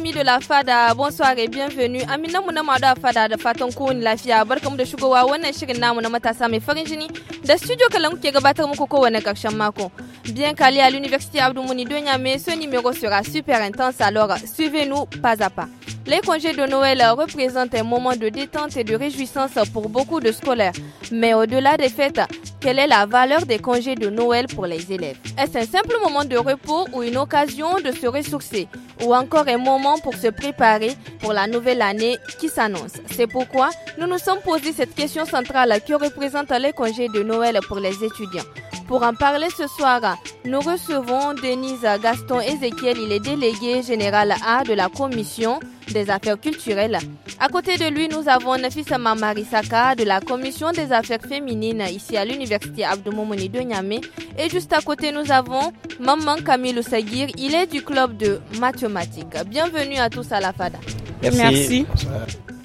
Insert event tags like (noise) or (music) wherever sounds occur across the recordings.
amis de la fada bonsoir et bienvenue aminan mu na fada da fatan kowane lafiya barkamu da shigowa wannan shirin namu na matasa mai farin jini da studio kalangu gabatar Bien calé à l'université Abdou de ce numéro sera super intense alors suivez-nous pas à pas. Les congés de Noël représentent un moment de détente et de réjouissance pour beaucoup de scolaires. Mais au-delà des fêtes, quelle est la valeur des congés de Noël pour les élèves Est-ce un simple moment de repos ou une occasion de se ressourcer Ou encore un moment pour se préparer pour la nouvelle année qui s'annonce C'est pourquoi nous nous sommes posé cette question centrale que représentent les congés de Noël pour les étudiants. Pour en parler ce soir, nous recevons Denise Gaston Ezekiel, il est délégué général A de la Commission des affaires culturelles. À côté de lui, nous avons Nafisa Mamarisaka de la Commission des affaires féminines ici à l'Université Moumouni de Niamey. Et juste à côté, nous avons Maman Camille Sagir, il est du club de mathématiques. Bienvenue à tous à la FADA. Merci.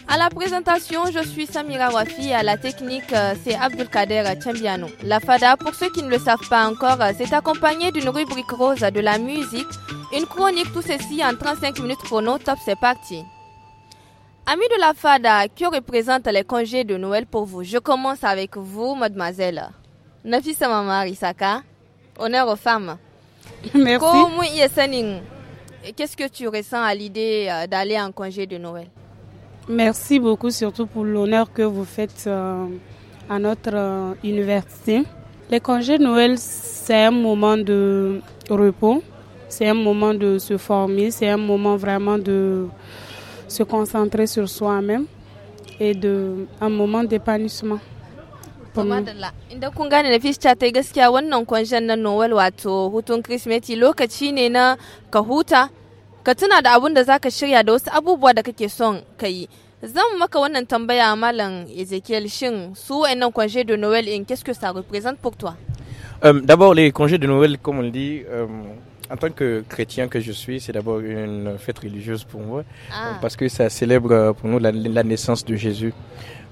À la présentation, je suis Samira Wafi. À la technique, euh, c'est Abdulkader Tchambiano. La FADA, pour ceux qui ne le savent pas encore, euh, c'est accompagné d'une rubrique rose de la musique, une chronique, tout ceci en 35 minutes chrono. Top, c'est parti. Amis de la FADA, qui représente les congés de Noël pour vous Je commence avec vous, mademoiselle. Nafisa Mama Isaka, honneur aux femmes. (laughs) Merci. Qu'est-ce que tu ressens à l'idée euh, d'aller en congé de Noël Merci beaucoup, surtout pour l'honneur que vous faites euh, à notre euh, université. Les congés Noël, c'est un moment de repos, c'est un moment de se former, c'est un moment vraiment de se concentrer sur soi-même et de un moment d'épanouissement ka tuna da abun da zaka shirya da wasu abubuwa da kake son ka yi zan maka wannan tambaya malam Ezekiel shin su wayannan congé de Noël in qu'est-ce que ça représente pour toi euh, d'abord les congés de Noël comme on dit euh, en tant que chrétien que je suis, c'est d'abord une fête religieuse pour moi, ah. parce que ça célèbre euh, pour nous la, la naissance de Jésus.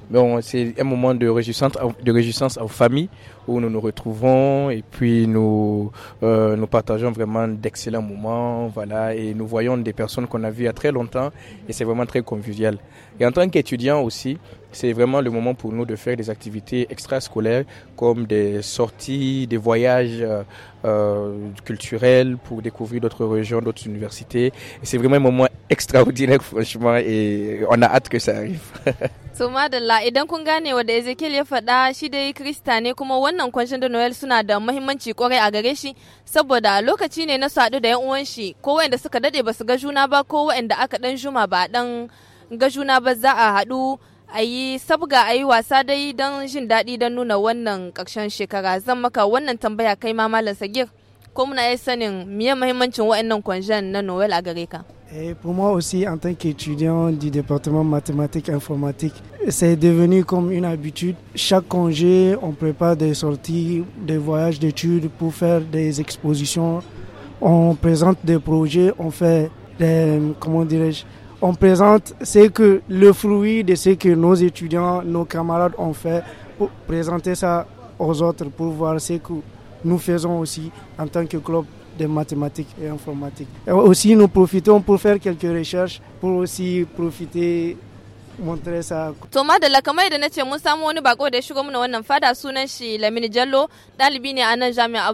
Bon, c'est un moment de réjouissance, de résistance en famille où nous nous retrouvons et puis nous, euh, nous partageons vraiment d'excellents moments. Voilà, et nous voyons des personnes qu'on a vues il y a très longtemps et c'est vraiment très convivial. Et en tant qu'étudiant aussi, c'est vraiment le moment pour nous de faire des activités extrascolaires comme des sorties, des voyages euh, euh culturels pour découvrir d'autres régions, d'autres universités. C'est vraiment un moment extraordinaire, (laughs) franchement, et on a hâte que ça arrive. (laughs) so madalla idan kun gane da Ezekiel ya faɗa shi dai Krista ne kuma wannan kwanshin da Noel suna da muhimmanci kwarai a gare shi saboda lokaci ne na sadu da yan uwan shi ko waɗanda suka dade ba su ga juna ba ko waɗanda aka dan juma ba dan et eh, pour moi aussi, en tant qu'étudiant du département mathématiques informatique, c'est devenu comme une habitude. Chaque congé, on prépare des sorties, des voyages d'études pour faire des expositions. On présente des projets, on fait des, comment dirais-je, on présente c'est que le fruit de ce que nos étudiants, nos camarades ont fait pour présenter ça aux autres pour voir ce que nous faisons aussi en tant que club de mathématiques et informatique. aussi, nous profitons pour faire quelques recherches, pour aussi profiter montrer ça. Thomas de la mun samu wani da shi Lamini Jami'a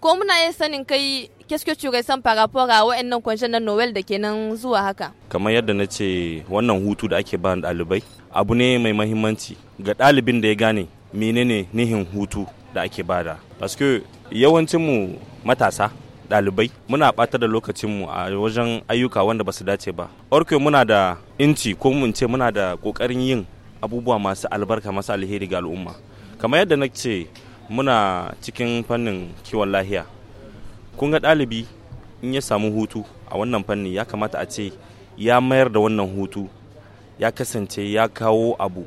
ko muna yin sanin kai keske san par a wa'annan kwanshen na noel da kenan zuwa haka kamar yadda na ce wannan hutu da ake ba ɗalibai abu ne mai mahimmanci ga ɗalibin da ya gane menene nihin hutu da ake bada paske yawancin mu matasa ɗalibai muna ɓata da lokacinmu a wajen ayyuka wanda ba su dace ba orke muna da inci ko mun ce muna da ƙoƙarin yin abubuwa masu albarka masu alheri ga al'umma kamar yadda na ce muna cikin fannin kiwon lahiya kun ga ɗalibi in ya samu hutu a wannan fanni ya kamata a ce ya mayar da wannan hutu ya kasance ya kawo abu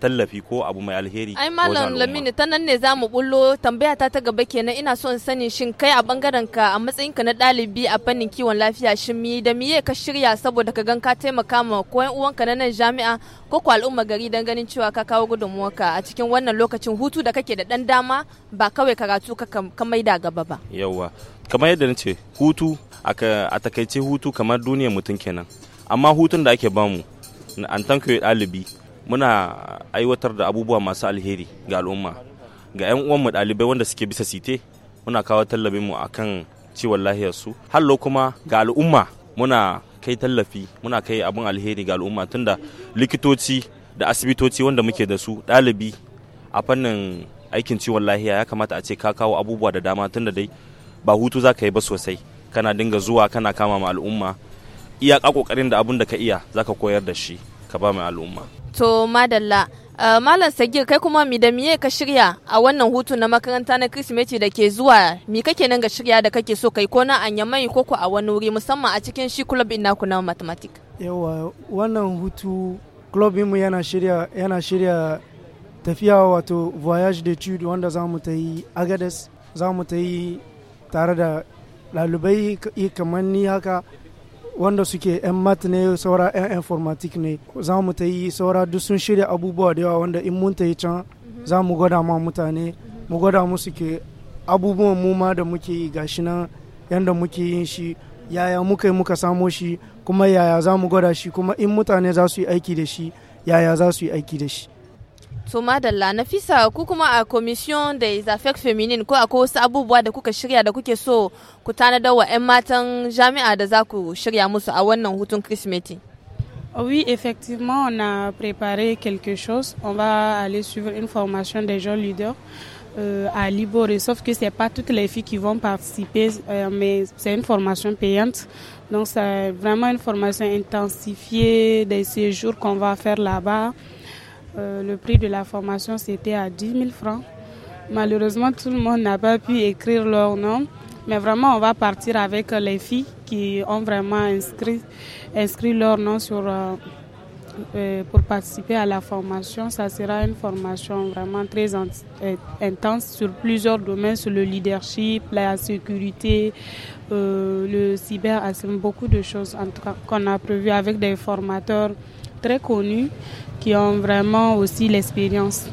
tallafi ko abu mai alheri ai malam lamini ta nan ne za mu bullo tambaya ta ta gaba kenan ina so in sani shin kai a bangaren ka a matsayin ka na dalibi a fannin kiwon lafiya shin mi da miye ka shirya saboda ka gan ka taimaka ma ko yan uwanka na nan jami'a ko ko al'umma gari dan ganin cewa ka kawo gudunmuwarka a cikin wannan lokacin hutu da kake da dan dama ba kawai karatu ka ka maida gaba ba yawwa kamar yadda nace hutu a takaice hutu kamar duniyar mutum kenan amma hutun da ake bamu an tankaye dalibi. muna aiwatar da abubuwa masu alheri ga al'umma ga 'yan uwanmu ɗalibai wanda suke bisa site muna kawo mu a kan ciwon lahiyarsu hallo kuma ga al'umma muna kai tallafi muna kai abun alheri ga al'umma tunda likitoci da asibitoci wanda muke da su ɗalibi a fannin aikin ciwon lahiya ya kamata a ce ka kawo abubuwa da dama tunda dai ba hutu za ka yi ba sosai kana dinga zuwa kana kama ma al'umma iyaka kokarin da abun da ka iya za ka koyar da shi ka ba mai al'umma to madalla uh, Malam Sagir kai kuma mi da miye ka shirya a wannan hutu na makaranta na Kirsimeti da ke zuwa mi kake nan ga shirya da kake so kai ko na anya mai koko a wani wuri musamman a cikin shi club ina ku na mathematics. Yawa wannan hutu club mu yana shirya yana shirya tafiya wato voyage de tude wanda za mu ta yi Agades za mu ta yi tare da ɗalibai kamar ni haka wanda suke 'yan mat ne saura 'yan informatik ne za mu ta yi saura duk sun shirya abubuwa da yawa wanda in mun ta yi can mhm. za mu gwada ma mutane mu gwada musu ke abubuwan mu ma da muke yi gashi nan yanda muke yin shi yaya muka yi muka samo shi kuma yaya za mu gwada shi kuma in mutane za su yi aiki da shi yaya za su yi aiki da shi commission des affaires da so jami'a ku Oui, effectivement, on a préparé quelque chose. On va aller suivre une formation des jeunes leaders euh, à Liboré, sauf que c'est pas toutes les filles qui vont participer, euh, mais c'est une formation payante. Donc c'est vraiment une formation intensifiée des séjours qu'on va faire là-bas. Euh, le prix de la formation, c'était à 10 000 francs. Malheureusement, tout le monde n'a pas pu écrire leur nom. Mais vraiment, on va partir avec euh, les filles qui ont vraiment inscrit, inscrit leur nom sur, euh, pour participer à la formation. Ça sera une formation vraiment très intense sur plusieurs domaines, sur le leadership, la sécurité, le cyber, beaucoup de choses qu'on a prévues avec des formateurs. très connus qui ont vraiment aussi l'expérience.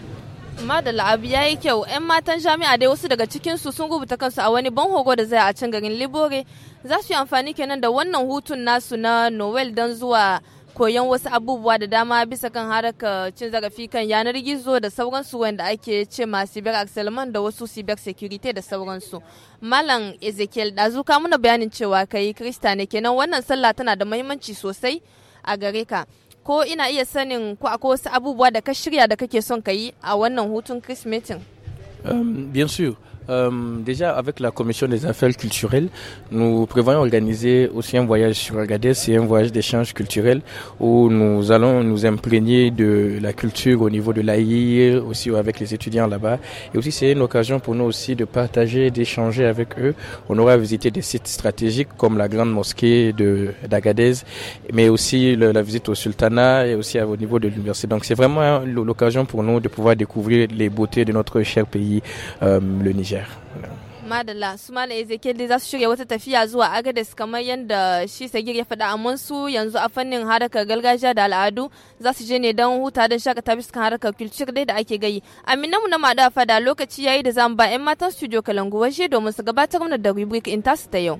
Madalla abu ya yi kyau 'yan matan jami'a dai wasu daga cikinsu sun rubuta kansu a wani ban hogo da zai a can garin Libore za su yi amfani kenan da wannan hutun nasu na Noel don zuwa koyon wasu abubuwa da dama bisa kan haraka cin zarafi kan yanar gizo da sauransu wanda ake ce ma cyber axelman da wasu cyber security da sauransu malam ezekiel dazu ka muna bayanin cewa kai krista ne kenan wannan sallah tana da mahimmanci sosai a gare ka ko ina iya sanin ku akwai wasu abubuwa da ka shirya da kake son ka yi a wannan hutun Kirsimetin? Um, bien sûr. Euh, déjà, avec la commission des affaires culturelles, nous prévoyons organiser aussi un voyage sur Agadez, c'est un voyage d'échange culturel où nous allons nous imprégner de la culture au niveau de l'Aïr, aussi avec les étudiants là-bas. Et aussi, c'est une occasion pour nous aussi de partager, d'échanger avec eux. On aura visité des sites stratégiques comme la grande mosquée d'Agadez, mais aussi la visite au sultanat et aussi au niveau de l'université. Donc, c'est vraiment l'occasion pour nous de pouvoir découvrir les beautés de notre cher pays, euh, le Niger. Niger. Madalla su Malam Ezekiel dai za su shirya wata tafiya zuwa Agadez kamar yadda shi Sagir ya faɗa amma su yanzu a fannin harkar gargajiya da al'adu za su je ne don huta don shakata bisa harkar culture dai da ake gayi. Amina mu na maɗa fada lokaci yayi da zan ba 'yan matan studio Kalangu waje domin su gabatar mana da rubrik in tasu ta yau.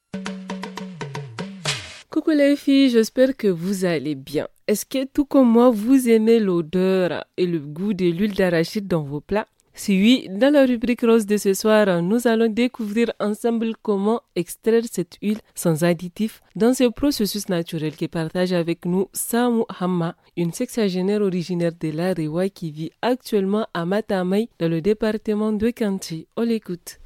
Coucou les filles, j'espère que vous allez bien. Est-ce que tout comme moi, vous aimez l'odeur et le goût de l'huile d'arachide dans vos plats Si oui, dans la rubrique rose de ce soir, nous allons découvrir ensemble comment extraire cette huile sans additifs dans ce processus naturel que partage avec nous Samu Hamma, une sexagénaire originaire de la Rewa qui vit actuellement à Matamai dans le département de Kanti. On l'écoute.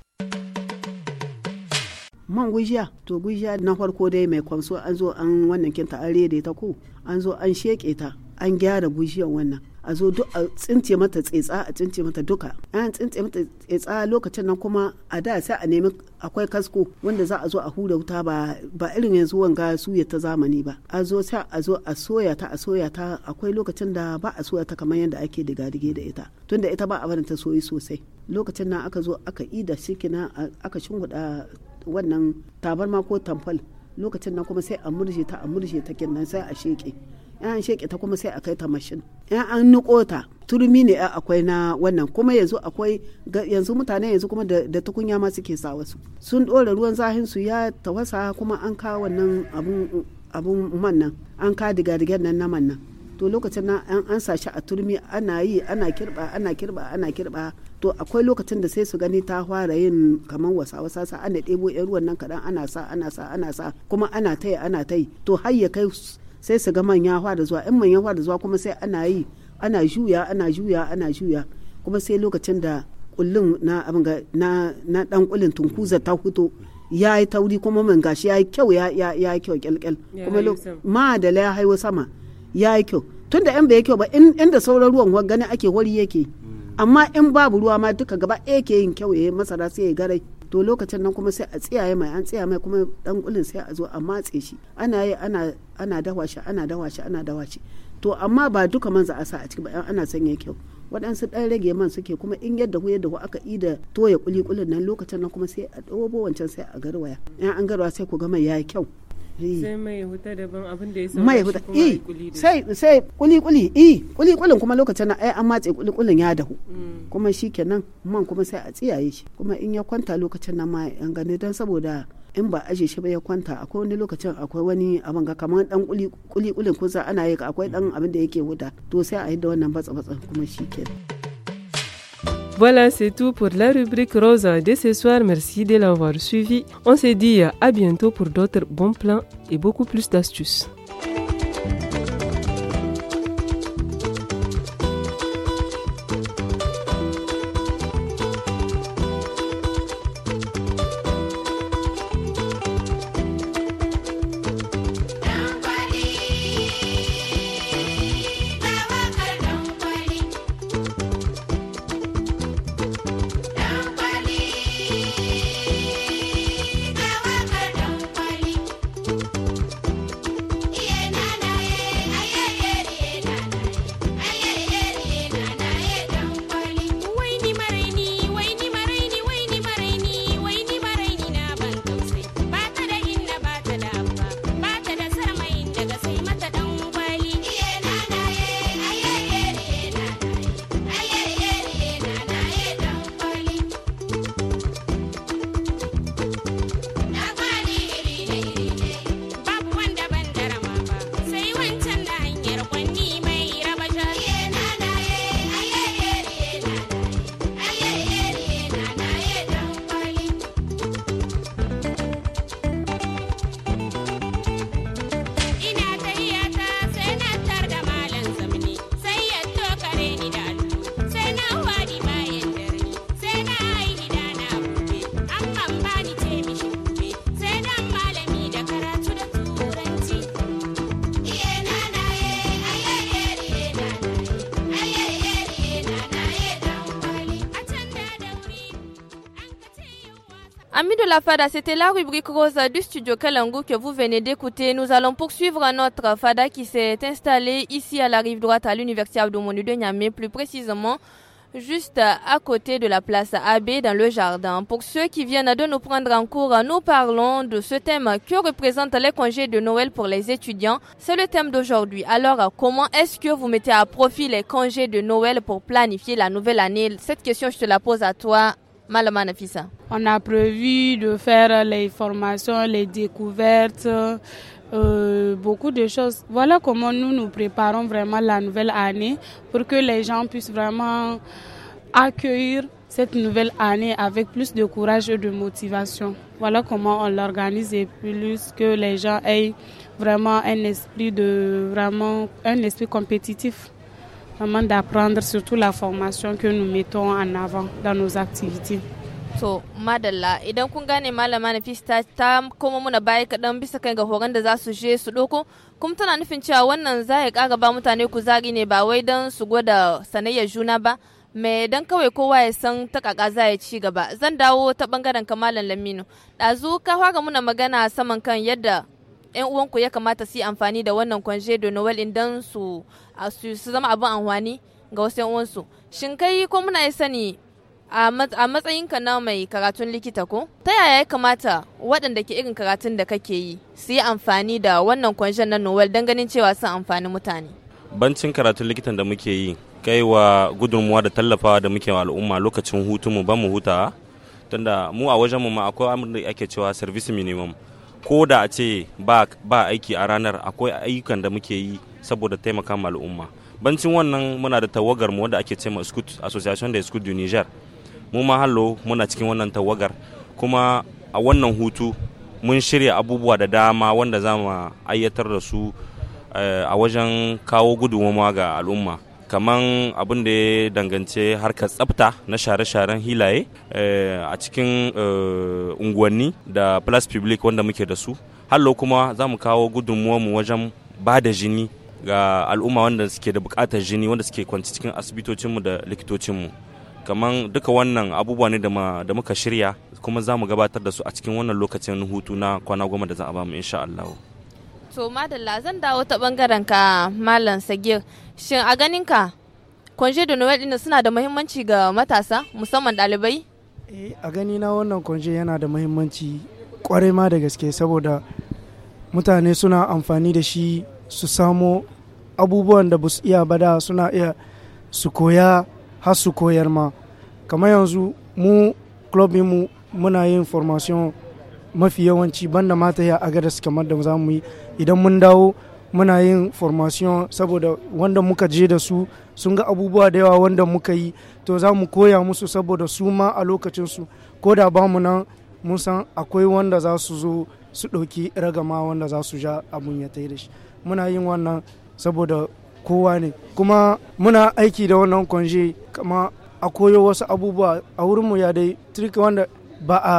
man gujiya to gujiya na farko dai mai kwamso an zo an wannan kinta an rede ta ko an zo an sheke ta an gyara gujiyan wannan a zo duk a tsince mata tsetsa a tsince mata duka an tsince mata tsetsa lokacin nan kuma a da sai a nemi akwai kasko wanda za a zo a hura wuta ba ba irin yanzu wanga suya ta zamani ba a zo sai a zo a soya ta a soya ta akwai lokacin da ba a soya ta kamar yadda ake diga-dige da ita tunda ita ba a barin ta soyi sosai lokacin nan aka zo aka ida shikina aka shinguda wannan tabarma ko tamfal lokacin nan kuma sai a murje ta a murje ta kenan sai a sheke in an sheke ta kuma sai a kai ta mashin in an niko ta turmi ne a akwai na wannan kuma yanzu akwai yanzu mutane yanzu kuma da, tukunya ma suke sa wasu sun dora ruwan zahin su ya tawasa kuma an kawo wannan abun abun man nan an ka diga digan nan na man nan to lokacin na an ansa shi a turmi ana yi ana kirba ana kirba ana kirba to akwai lokacin da sai su gani ta fara yin kamar wasa wasa sa ana ɗebo yan ruwan nan kaɗan ana sa ana sa ana sa kuma ana ta yi ana ta yi to har ya kai sai su ga manya fara zuwa in ya fara zuwa kuma sai ana yi ana juya ana juya ana juya kuma sai lokacin da kullun na abin ga na na dan kullun tunkuza ta fito ya yi tauri kuma man gashi ya yi kyau ya yi kyau kyalkyal kuma ma da ya haihu sama ya yi kyau tunda yan bai kyau ba inda sauran ruwan ganin ake wari yake amma in babu ruwa ma duka gaba ɗaya ke yin kyau ya masara sai ya garai to lokacin nan kuma sai a tsiyaye mai an tsiya mai kuma dan kulin sai a zo a matse shi ana yi ana ana dawa shi ana dawa shi ana dawa shi to amma ba duka man za a sa a ciki ba ana sanya kyau waɗansu ɗan rage man suke kuma in yadda hu yadda hu aka yi da toya kuli nan lokacin nan kuma sai a ɗobo wancan sai a garwaya in an garwa sai ku ga mai yayi kyau Eh. sai mai huta daban abin da ya sauka shi kuma ai eh, kuli sai sai kuli kuli eh, kuli kulin kuma lokacin ai an matse kuli kulin ya dahu mm. kuma shi kenan man kuma sai a tsiyaye shi kuma in ya kwanta lokacin nan ma yan gane don saboda in ba aje shi ba ya kwanta akwai wani lokacin akwai wani abin ga kamar dan kuli kulin kusa ana yi akwai dan abin da yake huta to sai a yi da wannan batsa batsa kuma shi kenan Voilà, c'est tout pour la rubrique rose de ce soir. Merci de l'avoir suivi. On se dit à bientôt pour d'autres bons plans et beaucoup plus d'astuces. FADA, c'était la rubrique rose du studio Kalangu que vous venez d'écouter. Nous allons poursuivre notre FADA qui s'est installée ici à la rive droite à l'Université Abdoumouni de Nyamé, plus précisément juste à côté de la place AB dans le jardin. Pour ceux qui viennent de nous prendre en cours, nous parlons de ce thème que représentent les congés de Noël pour les étudiants. C'est le thème d'aujourd'hui. Alors, comment est-ce que vous mettez à profit les congés de Noël pour planifier la nouvelle année Cette question, je te la pose à toi, on a prévu de faire les formations, les découvertes, euh, beaucoup de choses. Voilà comment nous nous préparons vraiment la nouvelle année pour que les gens puissent vraiment accueillir cette nouvelle année avec plus de courage et de motivation. Voilà comment on l'organise et plus que les gens aient vraiment un esprit de vraiment un esprit compétitif. vraiment d'apprendre surtout la formation que nous mettons en avant dans nos activités. To, madalla idan kun gane malama Nafisa ta koma muna baya kaɗan bisa kan ga horon da za su je su ɗoko, kuma tana nufin cewa wannan za ya ƙara ba mutane kuzari ne ba wai don su gwada sanayyar juna ba, mai dan kawai kowa ya san ta kaka za ya ci gaba zan dawo ta ɓangaren kamalan lamino ɗazu ka fara muna magana saman kan yadda 'yan uwanku ya kamata su yi amfani da wannan kwanje da noel dan su su zama abin amfani ga wasu 'yan uwansu shin kai ko muna yi sani a matsayinka na mai karatun likita ko ta yaya ya kamata waɗanda ke irin karatun da kake yi su yi amfani da wannan kwanje na noel dan ganin cewa sun amfani mutane bancin karatun likitan da muke yi kaiwa gudunmuwa da tallafawa da muke wa al'umma lokacin hutu mu ba mu hutawa tunda mu a wajen ma akwai amur ake cewa service minimum ko da a ce ba aiki a ranar akwai ayyukan da muke yi saboda taimaka ma al'umma bancin wannan muna da tawagar mu wanda ake ma scout association da scout du niger mu ma hallo muna cikin wannan tawagar kuma a wannan hutu mun shirya abubuwa da dama wanda za mu ayyatar da su eh, a wajen kawo gudunmawa ga al'umma kaman abin da ya dangance harkar tsafta na share-sharen hilaye eh, a cikin eh, unguwanni da plus public wanda muke da su hallo kuma za mu kawo mu wajen ba da jini ga al'umma wanda suke da bukatar jini wanda suke kwanci cikin asibitocinmu da likitocinmu kaman duka wannan abubuwa ne da muka shirya kuma za mu gabatar da su a cikin wannan lokacin hutu na kwana goma da za a bamu insha Allah. to madalla zan dawo ta bangaren ka malam sagir shin a ganin ka kwanje da noel ɗin suna da muhimmanci ga matasa musamman ɗalibai eh, a gani na wannan kwanje yana da muhimmanci kwarai ma da gaske saboda mutane suna amfani da shi su samo abubuwan da su iya bada suna iya su koya har su koyar ma kamar yanzu mu mu muna yin formation mafi yawanci banda mata ya a gadas kamar da za mu yi idan mun dawo muna yin formation saboda wanda muka je da su sun ga abubuwa da yawa wanda muka yi to za mu koya musu saboda su ma a lokacinsu ko da ba mu nan mun san akwai wanda za su zo su ɗauki ragama wanda za su ja abun ya tai da shi muna yin wannan saboda kowa ne kuma muna aiki da wannan kwanje kama a koyo wasu abubuwa a wurinmu ya dai trik wanda ba a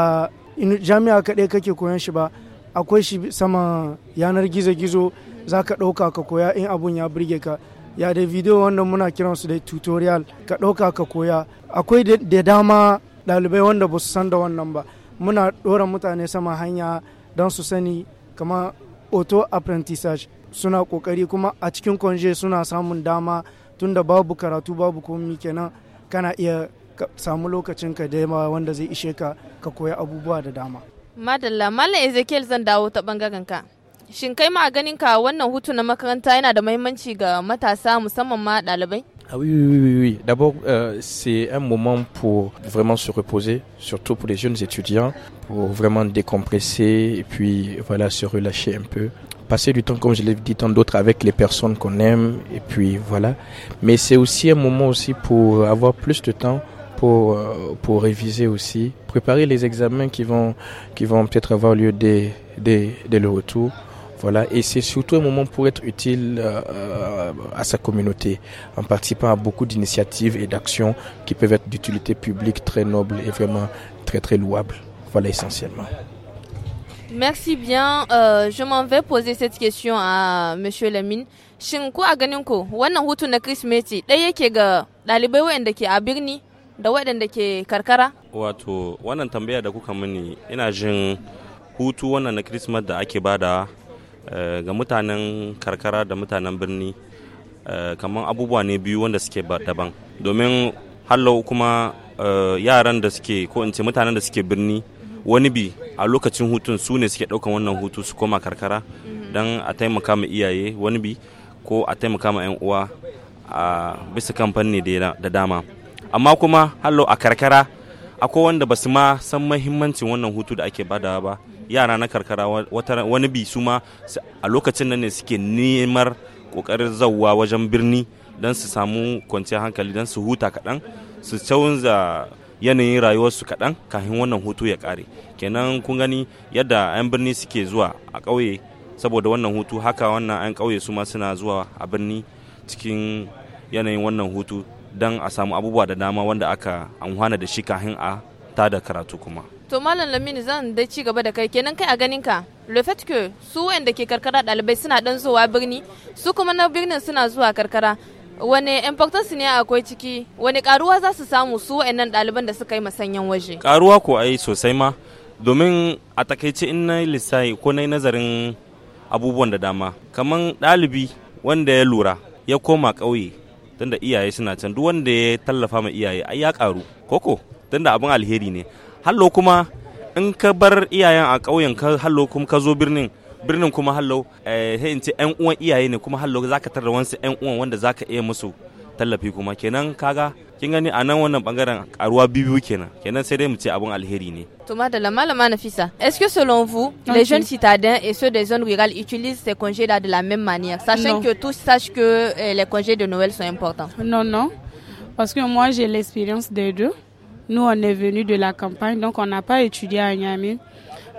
jami'a kaɗai kake koyon shi ba akwai shi sama yanar gizo-gizo za ka ɗauka ka koya in abun ya birge ka ya da video wanda muna kiransu da tutorial ka ɗauka ka koya akwai da dama ɗalibai wanda ba su san da wannan ba muna ɗora mutane sama hanya don su sani kama auto apprentissage suna ƙoƙari kuma a cikin kwanje suna samun dama tunda babu karatu babu komi kenan kana iya samu lokacin ka da wanda zai ishe ka ka koya abubuwa da dama oui, oui, oui, oui. D'abord, euh, c'est un moment pour vraiment se reposer, surtout pour les jeunes étudiants, pour vraiment décompresser et puis voilà, se relâcher un peu. Passer du temps, comme je l'ai dit tant d'autres, avec les personnes qu'on aime et puis voilà. Mais c'est aussi un moment aussi pour avoir plus de temps pour, euh, pour réviser aussi, préparer les examens qui vont, qui vont peut-être avoir lieu dès, dès, le retour. Voilà, et c'est surtout un moment pour être utile euh, euh, à sa communauté, en participant à beaucoup d'initiatives et d'actions qui peuvent être d'utilité publique très noble et vraiment très très louable. Voilà essentiellement. Merci bien. je m'en vais poser cette question à Monsieur Lamine. wannan na yake ga waɗanda da waɗanda ke karkara? Wato wannan tambaya da kuka mini ina jin hutu wannan na Christmas da ake bada eh, ga mutanen karkara da mutanen birni eh, kamar abubuwa ne biyu wanda suke daban. Domin hallau kuma eh, yaran da suke ko in ce mutanen da suke birni wani bi a lokacin hutun su ne suke ɗaukan wannan hutu su koma karkara don a taimaka ma iyaye wani bi ko a taimaka ma 'yan uwa a bisa kamfani da dama. amma kuma hallo a karkara akwai wanda basu ma san mahimmancin wannan hutu da ake badawa ba yara na karkara wani bi su ma a lokacin nan ne suke nemar kokarin zauwa wajen birni don su samu kwanciyar hankali don su huta kaɗan su canza yanayin rayuwarsu kaɗan kafin wannan hutu ya ƙare kenan kun gani yadda 'yan birni suke zuwa a ƙauye saboda wannan hutu haka wannan 'yan ƙauye su ma suna zuwa a birni cikin yanayin wannan hutu don a samu abubuwa da dama wanda aka amfana da shi kafin a ta da karatu kuma to malam lamini zan da ci gaba da kai kenan kai a ganin ka le fait su ke karkara dalibai suna dan zuwa birni su kuma na birnin suna zuwa karkara wane importance ne akwai ciki wani karuwa za su samu su wa'annan ɗaliban da suka yi masanyan waje karuwa ko ai sosai ma domin a takaice in na lissafi ko na yi nazarin abubuwan da dama kamar ɗalibi wanda ya lura ya koma ƙauye tunda iyaye suna can duk wanda ya tallafa ma iyaye ai ya karu koko tunda abin alheri ne hallo kuma in ka bar iyayen a ƙauyen ka hallo kuma ka zo birnin birnin kuma hallo eh in ce yan uwan iyaye ne kuma hallo zaka tarda wasu yan uwan wanda zaka iya musu kuma kenan kaga kin gani wannan est-ce que selon vous les jeunes citadins et ceux des zones rurales utilisent ces congés là de la même manière sachant que tous sachent que eh, les congés de Noël sont importants non non parce que moi j'ai l'expérience des deux nous on est venu de la campagne donc on n'a pas étudié à Niamey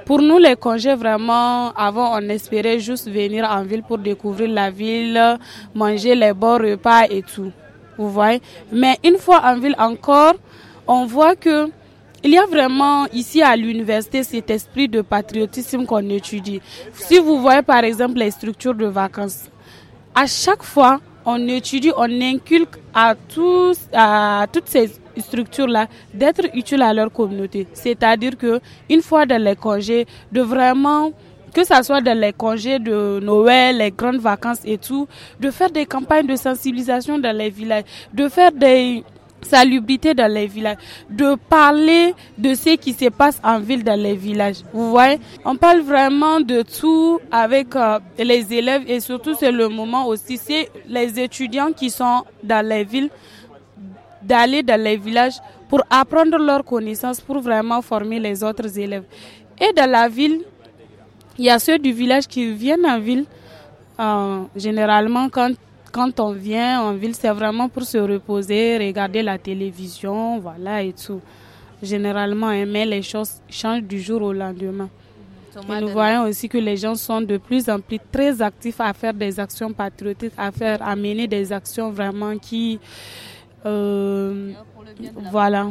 pour nous, les congés, vraiment, avant, on espérait juste venir en ville pour découvrir la ville, manger les bons repas et tout vous voyez. Mais une fois en ville encore, on voit que il y a vraiment ici à l'université cet esprit de patriotisme qu'on étudie. Si vous voyez par exemple les structures de vacances, à chaque fois, on étudie, on inculque à, tous, à toutes ces structures-là d'être utiles à leur communauté. C'est-à-dire que une fois dans les congés, de vraiment que ça soit dans les congés de Noël, les grandes vacances et tout, de faire des campagnes de sensibilisation dans les villages, de faire des salubrités dans les villages, de parler de ce qui se passe en ville dans les villages. Vous voyez, on parle vraiment de tout avec euh, les élèves et surtout c'est le moment aussi, c'est les étudiants qui sont dans les villes, d'aller dans les villages pour apprendre leurs connaissances, pour vraiment former les autres élèves. Et dans la ville, il y a ceux du village qui viennent en ville. Euh, généralement, quand, quand on vient en ville, c'est vraiment pour se reposer, regarder la télévision, voilà et tout. Généralement, hein, mais les choses changent du jour au lendemain. Mhm. Et nous voyons aussi que les gens sont de plus en plus très actifs à faire des actions patriotiques, à faire, à mener des actions vraiment qui, euh, voilà,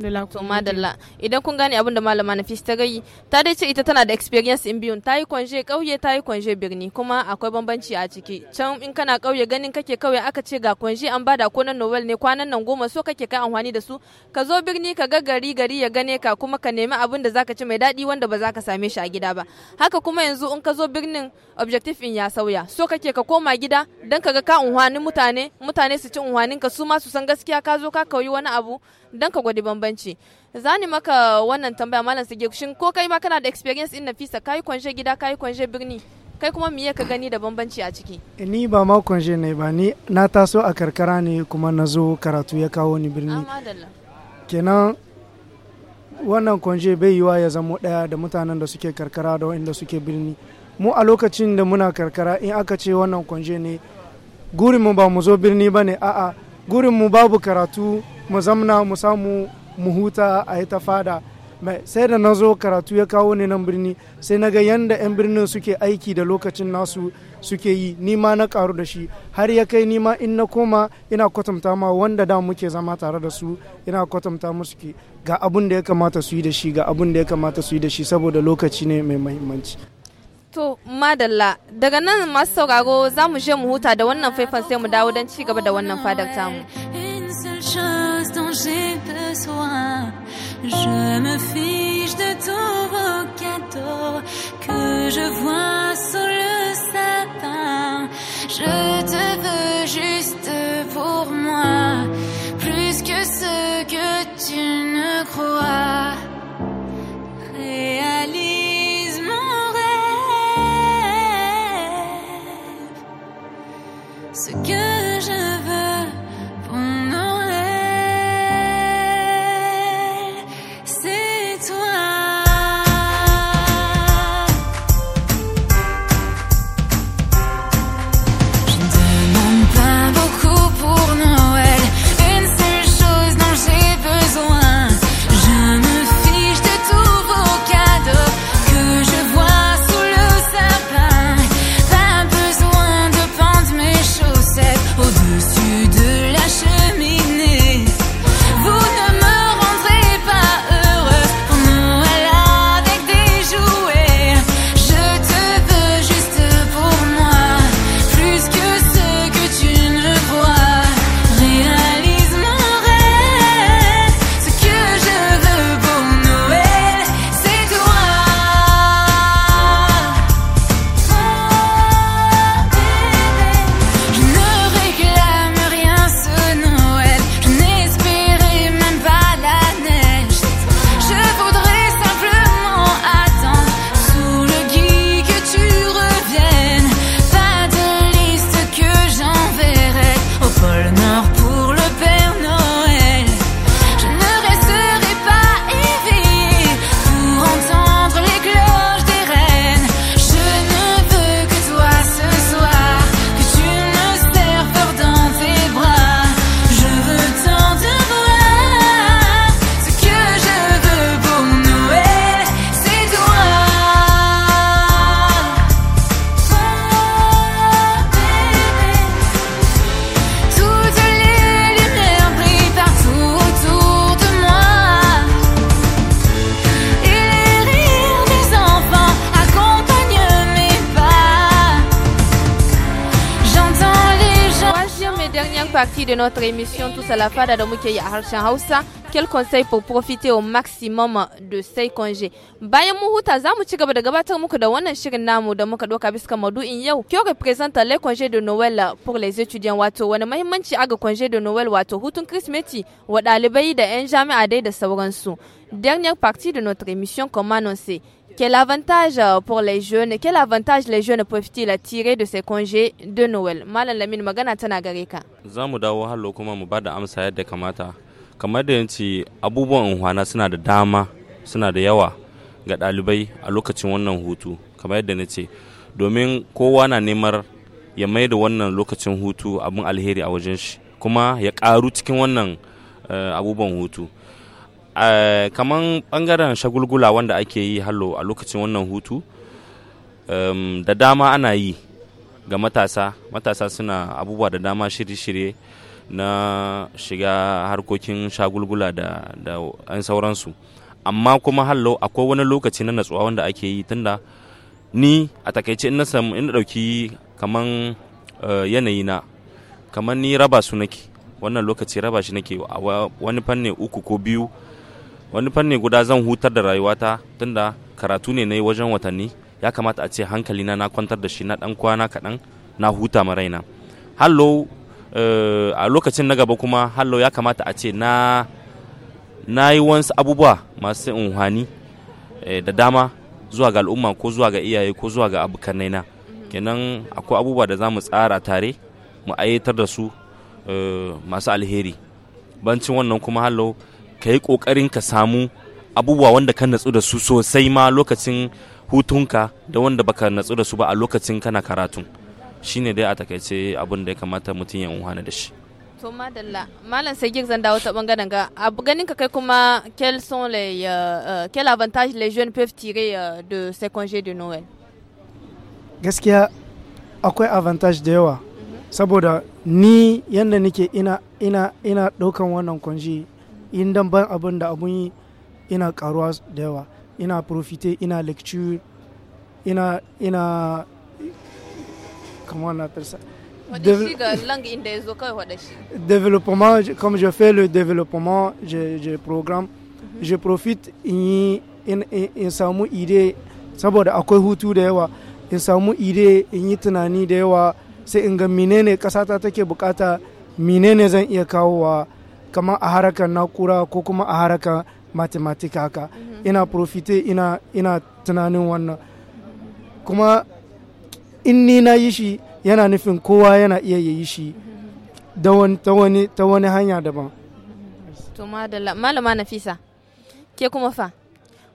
da la idan kun gane abin da malama nafis ta gayi ta dai ce ita tana da experience in biyun ta yi kwanje kauye ta yi kwanje birni kuma akwai bambanci a ciki can in kana kauye ganin kake kauye aka ce ga kwanje an bada ko na novel ne kwanan nan goma so kake kai amfani da su ka zo birni ka ga gari gari ya gane ka kuma ka nemi abin da zaka ci mai daɗi wanda ba zaka same shi a gida ba haka kuma yanzu in ka zo birnin objective in ya sauya so kake ka koma gida dan ka ga ka unhwanin mutane mutane su ci unhwanin ka su ma su san gaskiya ka zo ka kauyi wani abu don ka gwada bambanci zani maka wannan tambaya malam sige shin ko kai ma kana da experience in nafisa kai kwanje gida kai kwanje birni kai kuma miye ka gani da bambanci a ciki ni ba ma kwanje ne ba ni na taso a karkara ne kuma na zo karatu ya kawo ni birni ah, kenan wannan kwanje bai yiwa ya zamo daya da mutanen da suke karkara da waɗanda suke birni mu a lokacin da muna karkara in aka ce wannan kwanje ne gurinmu ba mu zo birni ba ne a'a gurin mu babu karatu mu zamna mu samu mu huta a ta fada sai da na zo karatu ya kawo ni nan birni sai na ga yanda 'yan birnin suke aiki da lokacin nasu suke yi nima na karu da shi har ya kai nima in na koma ina kwatanta ma wanda da muke zama tare da su ina kwatanta musu ke ga abin da ya kamata su yi da shi ga abin da ya kamata su yi da shi saboda lokaci ne mai mahimmanci To madalla daga nan masu sauraro za mu je mu huta da wannan faifan sai mu dawo don ci gaba da wannan fadar tamu. Je me fiche de ton que je vois. partie de notre émission Tous à la fin de à Hausa. Quel conseil pour profiter au maximum de ces congés Bayan mu huta za mu ci gaba da gabatar muku da wannan shirin namu da muka doka bisa maudu'in yau. kyo les congés de Noël pour les étudiants wato wani mahimmanci aga congé de Noël wato hutun Kirsimeti wa dalibai da 'yan jami'a dai da sauransu. Dernière partie de notre émission comme annoncé. Quel avantage euh, pour les jeunes Quel avantage les jeunes peuvent-ils tirer de ces congés de Noël Malam Lamine magana tana gare ka. Za mu dawo hallo kuma mu bada amsa yadda kamata. Kamar da yanci abubuwan unhwana suna da dama suna da yawa ga ɗalibai a lokacin wannan hutu kamar yadda na ce domin kowa na neman ya mai da wannan lokacin hutu abin alheri a wajen shi kuma ya karu cikin wannan eh, abubuwan hutu. kaman bangaren shagulgula wanda ake yi hallo a lokacin wannan hutu um, da dama ana yi ga matasa matasa suna abubuwa da dama shirye-shirye na shiga harkokin shagulgula da an sauransu amma kuma hallo akwai wani lokaci na natsuwa wanda ake yi tunda ni a takaice in na samu in dauki kaman uh, yanayi na kaman ni raba su nake wannan lokaci raba shi nake wani fanni uku ko biyu wani fanni guda zan hutar da rayuwata tunda karatu ne na yi wajen watanni ya kamata a ce hankali na kwantar da shi na dan kwana kaɗan na huta ma raina hallo eh, a lokacin na gaba kuma hallo ya kamata a ce na na yi wasu abubuwa masu unhani eh, da dama zuwa ga al'umma ko zuwa ga iyaye ko zuwa ga abokanai na kenan akwai abubuwa da za mu tsara tare mu ayyatar da su eh, masu alheri bancin wannan kuma hallo ka yi ƙoƙarin ka samu abubuwa wanda ka natsu da su sosai ma lokacin hutunka da wanda baka natsu da su ba a lokacin kana karatu shine dai a takaice abin da ya kamata mutum ya unhana da shi to madalla malam sagir zan dawo ta bangaren ga abu ganin ka kai kuma quel sont les euh, euh, quel avantage les jeunes peuvent tirer uh, de ces congés de noël gaskiya akwai avantage da yawa saboda ni yanda nake ina ina ina daukan wannan congé in dan ban abin da abun yi ina karuwa da yawa ina profite ina lecture ina ina comment on appelle ça développement comme je fais le développement je, je programme mhm. je profite in in in samu ide saboda akwai hutu da yawa in samu ide in yi tunani da yawa sai in ga menene kasata take bukata menene zan iya kawowa kamar a harkar nakura ko kuma a harkar matematika haka mhm. ina profite ina ina tunanin wannan kuma in ni na yi shi yana nufin kowa yana iya yi shi mhm. ta wani hanya daban mhm. to malama nafisa ke kuma fa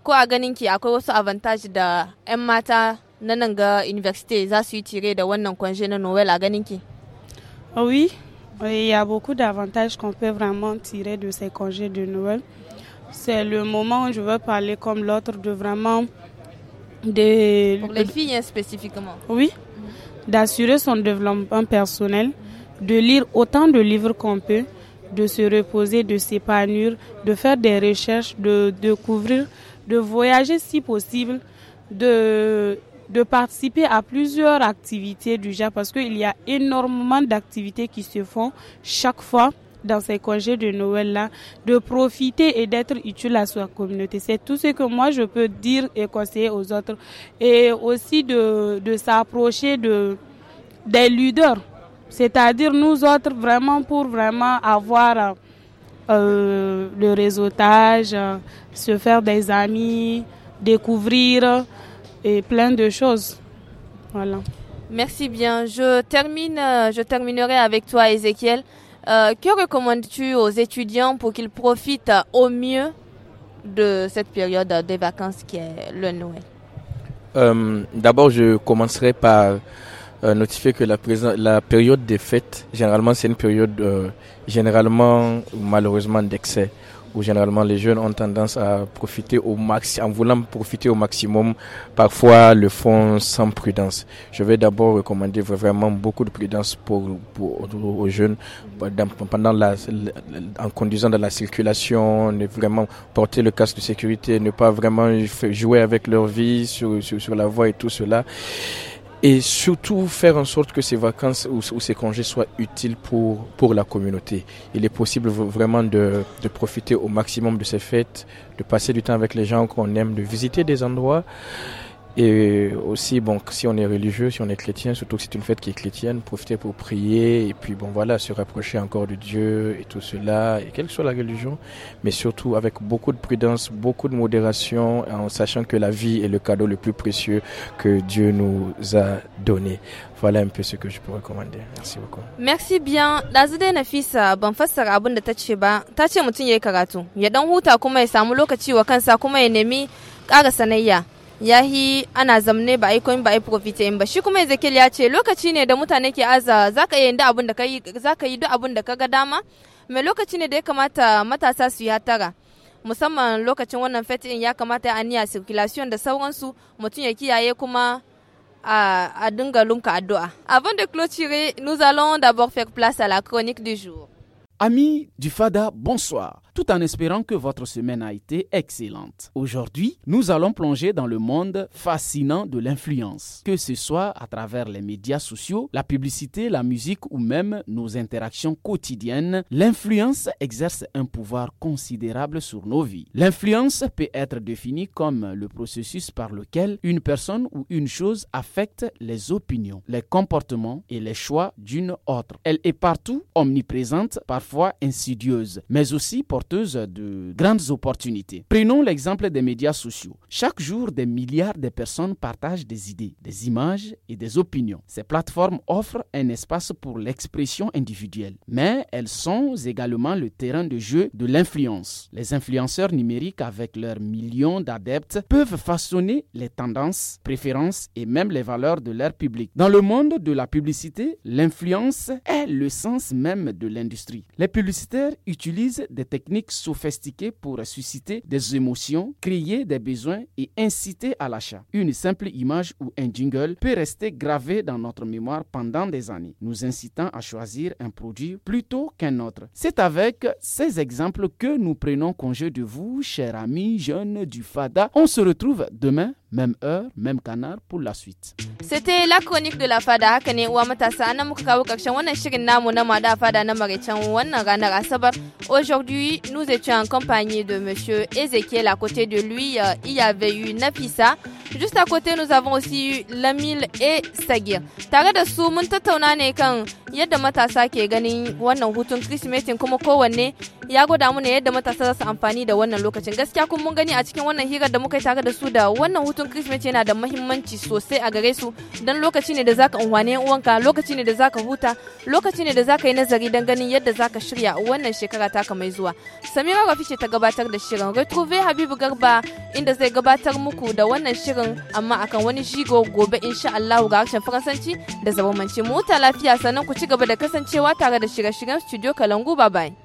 ko a ganin ki akwai wasu avantage da 'yan mata na nan ga university za su yi tire da wannan kwanje na noel a ganin ki ah oui Il y a beaucoup d'avantages qu'on peut vraiment tirer de ces congés de Noël. C'est le moment où je veux parler comme l'autre de vraiment... De, Pour les filles hein, spécifiquement. Oui, d'assurer son développement personnel, de lire autant de livres qu'on peut, de se reposer, de s'épanouir, de faire des recherches, de découvrir, de voyager si possible, de de participer à plusieurs activités du genre parce qu'il y a énormément d'activités qui se font chaque fois dans ces congés de Noël-là, de profiter et d'être utile à sa communauté. C'est tout ce que moi je peux dire et conseiller aux autres. Et aussi de, de s'approcher de, des leaders, c'est-à-dire nous autres vraiment pour vraiment avoir euh, le réseautage, euh, se faire des amis, découvrir et plein de choses. Voilà. Merci bien. Je termine, euh, je terminerai avec toi, Ezekiel. Euh, que recommandes-tu aux étudiants pour qu'ils profitent euh, au mieux de cette période des vacances qui est le Noël D'abord, je commencerai par notifier que la, la période des fêtes, généralement, c'est une période généralement, malheureusement, d'excès où généralement les jeunes ont tendance à profiter au max, en voulant profiter au maximum, parfois le font sans prudence. Je vais d'abord recommander vraiment beaucoup de prudence pour, pour aux jeunes pendant la, en conduisant dans la circulation, vraiment porter le casque de sécurité, ne pas vraiment jouer avec leur vie sur, sur, sur la voie et tout cela et surtout faire en sorte que ces vacances ou, ces congés soient utiles pour, pour la communauté. Il est possible vraiment de, de profiter au maximum de ces fêtes, de passer du temps avec les gens qu'on aime, de visiter des endroits. Et aussi, bon, si on est religieux, si on est chrétien, surtout que c'est une fête qui est chrétienne, profiter pour prier et puis, bon, voilà, se rapprocher encore de Dieu et tout cela, et quelle que soit la religion, mais surtout avec beaucoup de prudence, beaucoup de modération, en sachant que la vie est le cadeau le plus précieux que Dieu nous a donné. Voilà un peu ce que je peux recommander. Merci beaucoup. Merci bien. yahi ana zamne ba a ba a profit in ba shi kuma Ezekiel ya ce lokaci ne da mutane ke aza za ka yi duk abin da ka ga dama mai lokaci ne da ya kamata matasa su yi hatara musamman lokacin wannan fetin ya kamata a niya circulation da sauransu mutum ya kiyaye kuma a dinga addu'a. Avant de clôturer, nous allons d'abord faire place à la chronique du jour. ami du Fada, bonsoir. tout en espérant que votre semaine a été excellente. Aujourd'hui, nous allons plonger dans le monde fascinant de l'influence, que ce soit à travers les médias sociaux, la publicité, la musique ou même nos interactions quotidiennes. L'influence exerce un pouvoir considérable sur nos vies. L'influence peut être définie comme le processus par lequel une personne ou une chose affecte les opinions, les comportements et les choix d'une autre. Elle est partout, omniprésente, parfois insidieuse, mais aussi pour de grandes opportunités. Prenons l'exemple des médias sociaux. Chaque jour, des milliards de personnes partagent des idées, des images et des opinions. Ces plateformes offrent un espace pour l'expression individuelle, mais elles sont également le terrain de jeu de l'influence. Les influenceurs numériques, avec leurs millions d'adeptes, peuvent façonner les tendances, préférences et même les valeurs de leur public. Dans le monde de la publicité, l'influence est le sens même de l'industrie. Les publicitaires utilisent des techniques techniques sophistiquées pour susciter des émotions, créer des besoins et inciter à l'achat. Une simple image ou un jingle peut rester gravé dans notre mémoire pendant des années, nous incitant à choisir un produit plutôt qu'un autre. C'est avec ces exemples que nous prenons congé de vous, chers amis jeunes du FADA. On se retrouve demain même heure, même canard pour la suite. C'était la chronique de la fada haka ne uwa matasa nan muka kawo karshen wannan shirin namu na mada fada na maraicen wannan ranar asabar. Aujourd'hui, nous étions en compagnie de monsieur Ezekiel à côté de lui, euh, il y avait eu Nafisa. Juste à côté, nous avons aussi eu Lamil et Sagir. Tare da su mun tattauna ne kan yadda matasa ke ganin wannan hutun Kirsimetin kuma kowanne ya gwada mu yadda matasa za su amfani da wannan lokacin gaskiya kun mun gani a cikin wannan hirar da muka yi tare da su da wannan hutun Christmas yana da muhimmanci sosai a gare su don lokaci ne da zaka unwane uwanka lokaci ne da zaka huta lokaci ne da zaka yi nazari don ganin yadda zaka shirya wannan shekara taka mai zuwa Samira Rafi ce ta gabatar da shirin Retrouver Habibu Garba inda zai gabatar muku da wannan shirin amma akan wani shigo gobe insha Allah ga harshen Faransanci da zamanance mu huta lafiya sannan ku ci gaba da kasancewa tare da shirye-shiryen Studio Kalangu bye bye